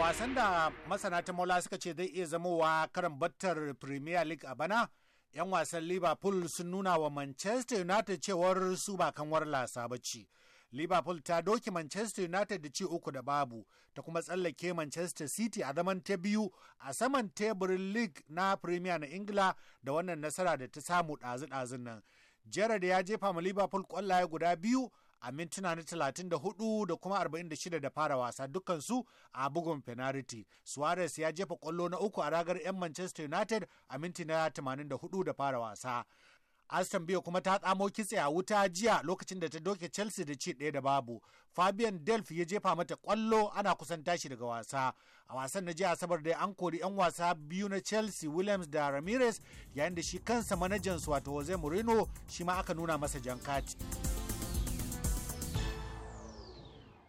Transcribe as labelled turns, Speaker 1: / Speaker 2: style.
Speaker 1: wasan da masana ta mola suka ce zai iya zamowa karan battar premier league a bana 'yan wasan liverpool sun nuna wa manchester united cewar su ba kanwar lasa bacci liverpool ta doki manchester united da ci uku da babu ta kuma tsallake manchester city a zaman ta biyu a saman teburin league na premier na ingila da wannan nasara da ta samu ɗazu-ɗazun nan jared ya jefa ma liverpool kwallaye guda biyu a mintuna na 34 da kuma 46 da fara wasa dukansu a bugun penalty. Suarez ya jefa kwallo na uku a ragar 'yan Manchester United a minti na 84 da fara wasa. Aston Villa kuma ta tsamo kitse a wuta jiya lokacin da ta doke Chelsea da ci ɗaya da babu. Fabian delf ya jefa mata kwallo ana kusan tashi daga wasa. A wasan na jiya Asabar da an kori 'yan wasa biyu na Chelsea Williams da Ramirez yayin da shi kansa manajansu wato Jose Mourinho shi ma aka nuna masa jan kati.